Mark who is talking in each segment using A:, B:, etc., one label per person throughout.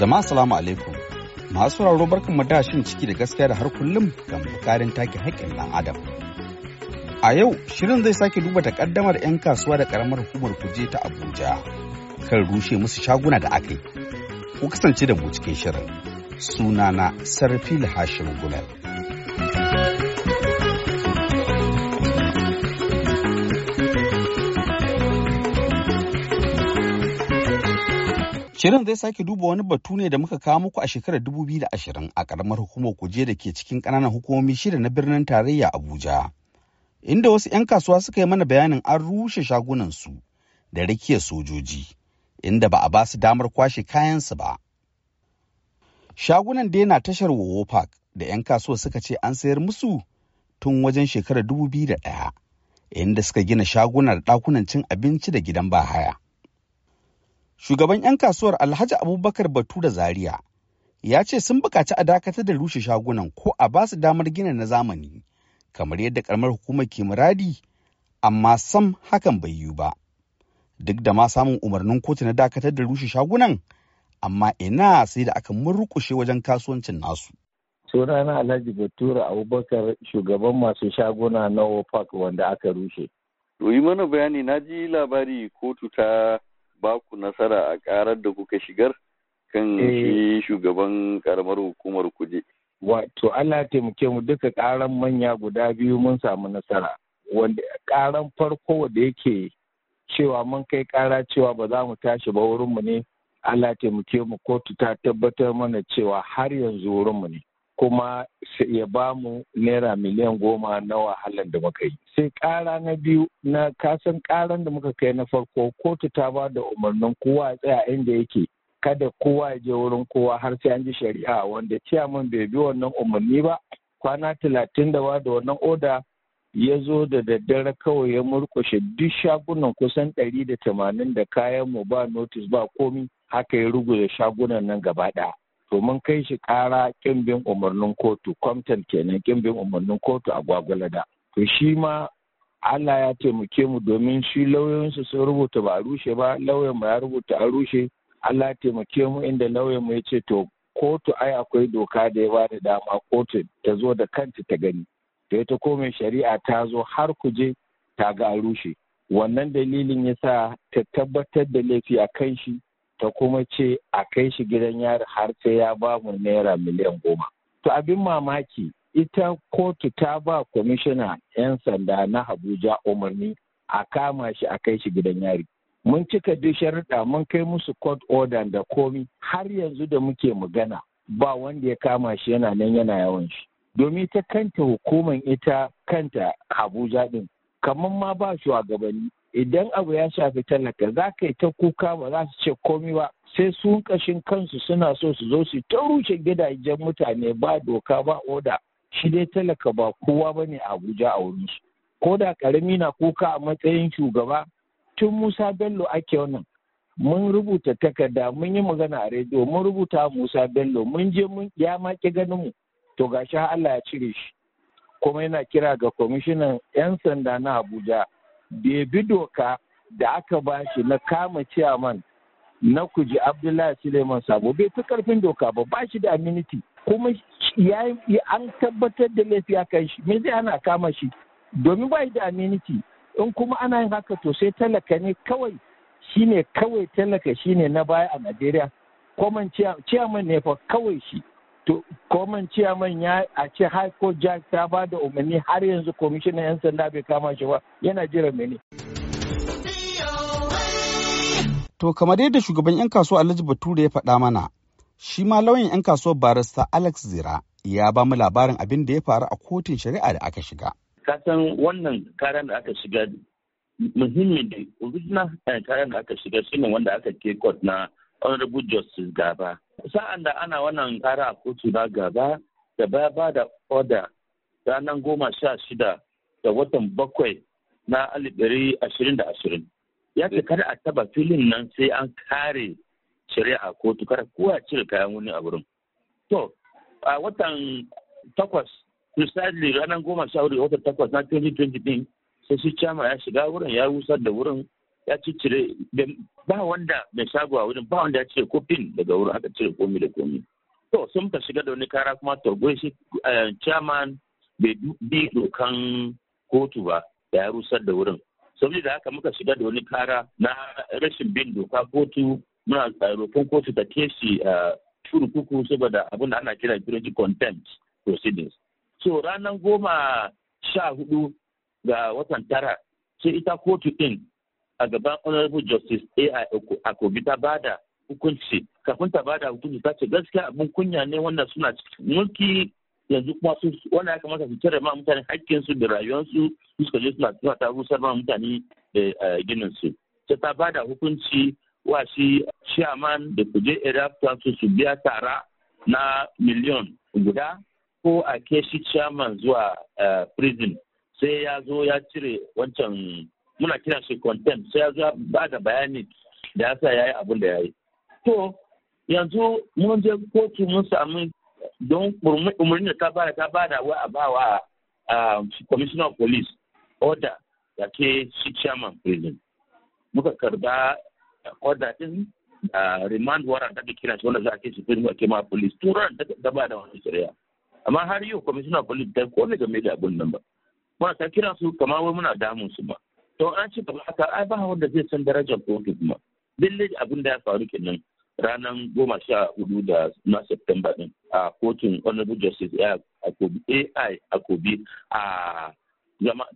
A: Jama'a salamu alaikum. Masu sauraro barkan mu da shin ciki da gaskiya da har kullum ga bukarin take haƙƙin ɗan adam. A yau shirin zai sake duba takaddamar 'yan kasuwa da karamar hukumar kuje ta Abuja kan rushe musu shaguna da aka yi. Ku kasance da mu cikin shirin. Sunana Sarfil Hashim Gulal. Shirin zai sake duba wani batu ne da muka kawo muku a shekarar 2020 a karamar hukumar kuje da ke cikin ƙananan hukumomi shida na birnin tarayya Abuja. Inda wasu 'yan kasuwa suka yi mana bayanin an rushe shagunansu da rikiyar sojoji, inda ba a ba su damar kwashe kayansu ba. Shagunan dai na tashar Wowo Park da 'yan kasuwa suka ce an sayar musu tun wajen shekarar 2001, inda suka gina shagunan ɗakunan cin abinci da gidan bahaya. Shugaban 'yan kasuwar Alhaji Abubakar Batu da Zaria ya ce sun bukaci a dakatar da rushe shagunan ko a ba su damar gina na zamani kamar yadda karamar hukumar ke muradi amma sam hakan bai yiwu ba. Duk da ma samun umarnin kotu na dakatar da rushe shagunan amma ina sai da aka murkushe wajen kasuwancin nasu. sunana alhaji
B: bature abubakar shugaban masu shaguna na fak wanda aka rushe.
C: yi mana bayani na ji labari kotu ta ba ku nasara a karar da kuka shigar kan eh. shi shugaban karamar hukumar kuje.
B: Wato Allah taimake mu duka karan manya guda biyu mun samu nasara. Wanda karan farko da yake cewa mun kai kara cewa ba za mu tashi ba wurinmu ne Allah taimake mu kotu ta tabbatar mana cewa har yanzu wurinmu ne. kuma ya ba mu naira miliyan goma na wahalar da muka yi sai kara na biyu na kasan ƙaran da muka kai na farko kotu ta ba da umarnin kowa ya tsaya inda yake kada kowa ya je wurin kowa har sai an ji shari'a wanda ciyaman bai bi wannan umarni ba kwana talatin da ba da wannan oda ya zo da daddare kawai ya murkushe duk shagunan kusan ɗari da tamanin da kayan mu ba notis ba komi haka ya ruguza shagunan nan gaba ɗaya to mun kai shi kara kimbin umarnin kotu kwamtan kenan kimbin umarnin kotu a gwagwalada to shi ma Allah ya taimake mu domin shi lauyoyinsu sun rubuta ba a rushe ba lauyan mu ya rubuta a rushe Allah ya taimake mu inda lauyan mu ya ce to kotu ai akwai doka da ya bada dama kotu ta zo da kanta ta gani da ta ko mai shari'a ta zo har kuje ta ga a rushe wannan dalilin ya sa ta tabbatar da laifi a kan shi ta kuma ce a kai shi gidan yari har sai ya ba mu naira miliyan goma. To abin mamaki ita kotu ta ba kwamishina 'yan sanda na Abuja umarni a kama shi a kai shi gidan yari. Mun cika duk sharuɗa mun kai musu court order da komi har yanzu da muke magana ba wanda ya kama shi yana nan yana yawan shi. Domin ta kanta hukuman ita kanta Abuja ɗin kamar ma ba shugabanni idan abu ya shafi talaka za ka yi ta kuka ba za su ce komi ba sai su kashin kansu suna so su zo su ta rushe gidajen mutane ba doka ba oda shi dai talaka ba kowa ba ne abuja a wurinsu ko da karami na kuka a matsayin shugaba tun musa bello ake wannan mun rubuta takarda mun yi magana a rediyo mun rubuta musa bello mun je mun ya maki ganin mu to gashi Allah ya cire shi kuma yana kira ga kwamishinan 'yan sanda na abuja bai bi doka da aka ba shi na kama ciyaman na kuji abdullahi suleiman sabo bai fi karfin doka ba ba shi da aminiti kuma an tabbatar da laifi a kan shi me zai ana kama shi domin ba shi da aminiti in kuma ana yin haka to sai talaka ne kawai shi ne kawai talaka shi ne na baya a najeriya kwaman ciyaman ne fa kawai shi to koman ciyaman ya a ce high court jack ta ba da umarni har yanzu kwamishinan 'yan sanda bai kama shi ba yana jiran mene.
A: To kamar yadda shugaban 'yan kasuwa Alhaji Bature ya faɗa mana, shi ma lauyan 'yan kasuwar barista Alex Zira ya ba mu labarin abin da ya faru a kotun shari'a da aka shiga.
B: Ka san wannan karan da aka shiga muhimmin da original eh, karan da aka shiga shine wanda aka ke court na honorable justice gaba sa'an da ana wannan kara a kotu na gaba da baya ba da order ranar goma sha shida da watan bakwai na alibiri ashirin da ashirin ya ce kada a taba filin nan sai an kare shari'a a kotu kada kowa cire kayan wani a wurin to a watan takwas precisely ranar goma sha hudu watan takwas na 2020 din sai shi chama ya shiga wurin ya wusar da wurin ya ciccire ba wanda mai shago a wurin ba wanda ya cire kofin daga wurin aka cire komi da komi to sun ka shiga da wani kara kuma torgoyi shi eh, chairman bai bi dokan kotu ba da ya rusar da wurin da haka muka shiga da wani kara na rashin bin doka kotu muna eh, roƙon kotu ta keshi kurkuku eh, saboda abin da ana kiran turanci contempt proceedings so ranar goma sha hudu ga watan tara sai ita kotu din a gaban honorable justice ai akobi ta bada hukunci kafin ta bada hukunci ta ce gaskiya abin kunya ne wannan suna mulki yanzu kuma su wanda ya kamata su cire ma mutane su da rayuwarsu suka je suna suna ta rusar ma mutane ginin su ta ta bada hukunci wa shi chairman da kuje erapta su su biya tara na miliyon guda ko a ke shi chairman zuwa prison sai ya zo ya cire wancan muna kiran shi contempt sai ya zo ba da bayani da ya sa ya yi abin da ya yi to yanzu mun je kotu mun sami don umarni da ta bada ta bada wa a bawa commissioner of police order da ke shi chairman prison muka karba order din da remand warrant da kira shi wanda za a ke shi prison ke ma police turan da ba da wani shari'a amma har yau commissioner of police da ko ne game da abun nan ba muna ta kira su kamar wai muna damun su ba to an ce gaba haka ai ba wanda zai san darajar kotu kuma lallai abin da ya faru kenan ranar goma sha hudu da na september din a kotun honorable justice ai akobi a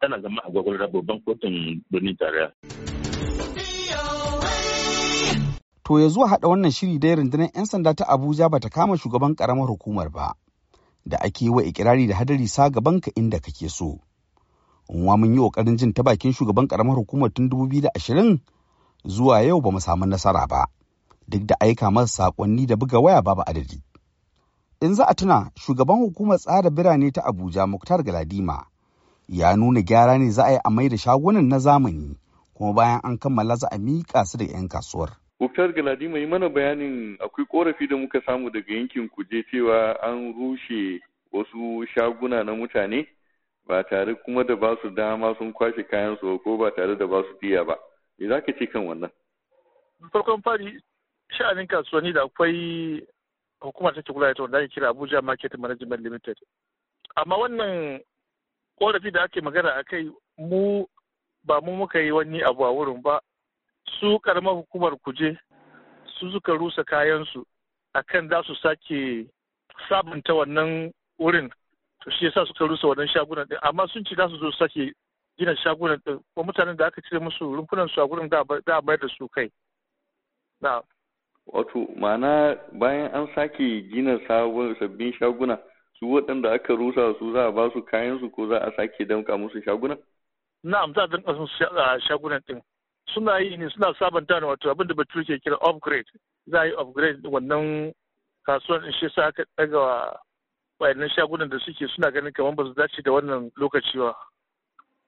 B: tana zama a rabo babban kotun birnin tarayya
A: to ya zuwa haɗa wannan shiri dai rundunar 'yan sanda ta abuja ba ta kama shugaban karamar hukumar ba da ake wa ikirari da hadari sa gabanka inda kake so unwa mun yi ƙoƙarin jin ta bakin shugaban ƙaramar hukumar tun da ashirin? zuwa yau ba mu samu nasara ba duk da aika masa saƙonni da buga waya babu adadi in za a tuna shugaban hukumar tsara birane ta abuja muktar galadima ya nuna gyara ne za a yi a mai da shagunan na zamani kuma bayan an kammala za a miƙa su da 'yan kasuwar
C: Muktar Galadima yi mana bayanin akwai korafi da muka samu daga yankin kuje cewa an rushe wasu shaguna na mutane ba tare kuma da ba su dama sun kwashe kayan su ko ba tare da ba su diya ba me za ka ce kan wannan
D: farkon fari sha'anin kasuwanni da akwai hukumar take kula da wanda ake kira Abuja Market Management Limited amma wannan korafi da ake magana a kai mu ba mu muka yi wani abu a wurin ba su karamar hukumar kuje su suka rusa kayan su akan za su sake sabunta wannan wurin to shi yasa suka rusa wannan shagunan din amma sun ce za su zo sake gina shagunan din ko mutanen da aka cire musu rumfunan su a gurin da a bayar da su kai
C: na wato ma'ana bayan an sake gina sabon sabbin shaguna su waɗanda aka rusa su za a ba su kayan su ko za a sake damka musu shaguna
D: na'am za a danka musu shagunan din suna yi ne suna sabanta ne wato abinda bature ke kira upgrade za a yi upgrade wannan kasuwan shi sa aka ɗaga wayannan shagunan da suke suna
C: ganin kamar ba su dace da wannan lokaci ba.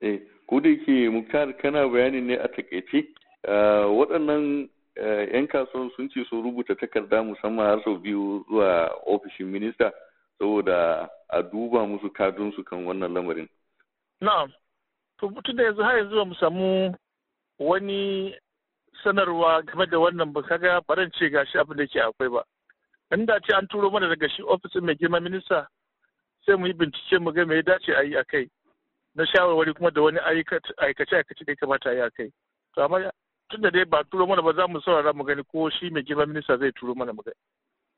C: Eh, ko da yake Muktar kana bayani ne a takaice eh, waɗannan 'yan eh, kasuwan sun ce sun rubuta takarda musamman har sau biyu zuwa ofishin minista saboda a duba musu kadunsu kan wannan lamarin.
D: Na'am, to mutum da yanzu har yanzu ba mu samu wani sanarwa game da wannan ba kaga barance ga gashi abin da ke akwai ba. inda ce an turo mana daga shi ofisin mai girma minista sai mu yi bincike mu ga me ya dace a yi a kai na shawarwari kuma da wani aikace aikace da ya kamata a yi a kai to amma tun da dai ba turo mana ba za mu saurara mu gani ko shi mai girma minista zai turo
C: mana mu gani.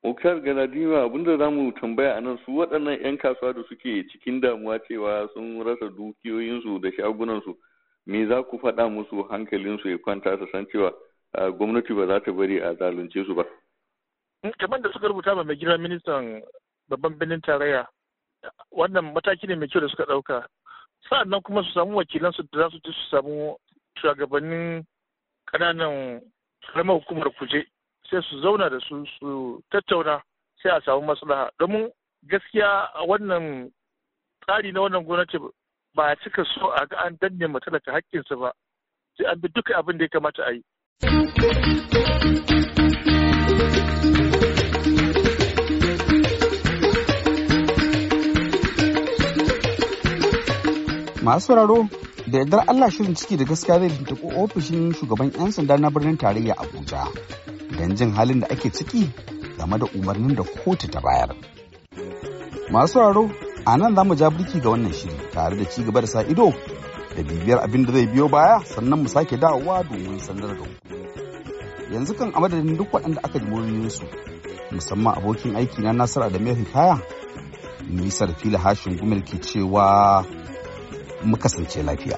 C: Okar abinda za mu tambaya a nan su waɗannan 'yan kasuwa da suke cikin damuwa cewa sun rasa dukiyoyinsu da shagunansu me za ku faɗa musu hankalinsu ya kwanta su san cewa gwamnati ba za ta bari a zalunce su ba.
D: kamar da suka rubuta ma mai gidan ministan babban birnin tarayya wannan mataki ne mai kyau da suka ɗauka sa'annan kuma su samu wakilan su da za su ji su samu shugabannin ƙananan karamar hukumar kuje sai su zauna da su su tattauna sai a samu maslaha domin gaskiya wannan tsari na wannan gwamnati ba a cika so a ga an danne matalaka haƙƙinsa ba sai an bi duka abin da ya kamata a yi.
A: masu sauraro da yardar Allah shirin ciki da gaskiya zai bintako ofishin shugaban 'yan sanda na birnin tarayya Abuja don jin halin da ake ciki game da umarnin da kotu ta bayar. Masu sauraro a nan za mu ja birki ga wannan shiri tare da ci gaba da sa ido da bibiyar abin da zai biyo baya sannan mu sake dawowa domin sanar da ku. Yanzu kan a madadin duk waɗanda aka ji su, musamman abokin aiki na Nasara da Hikaya. Nisar Fila Hashin Gumel ke cewa mu kasance lafiya.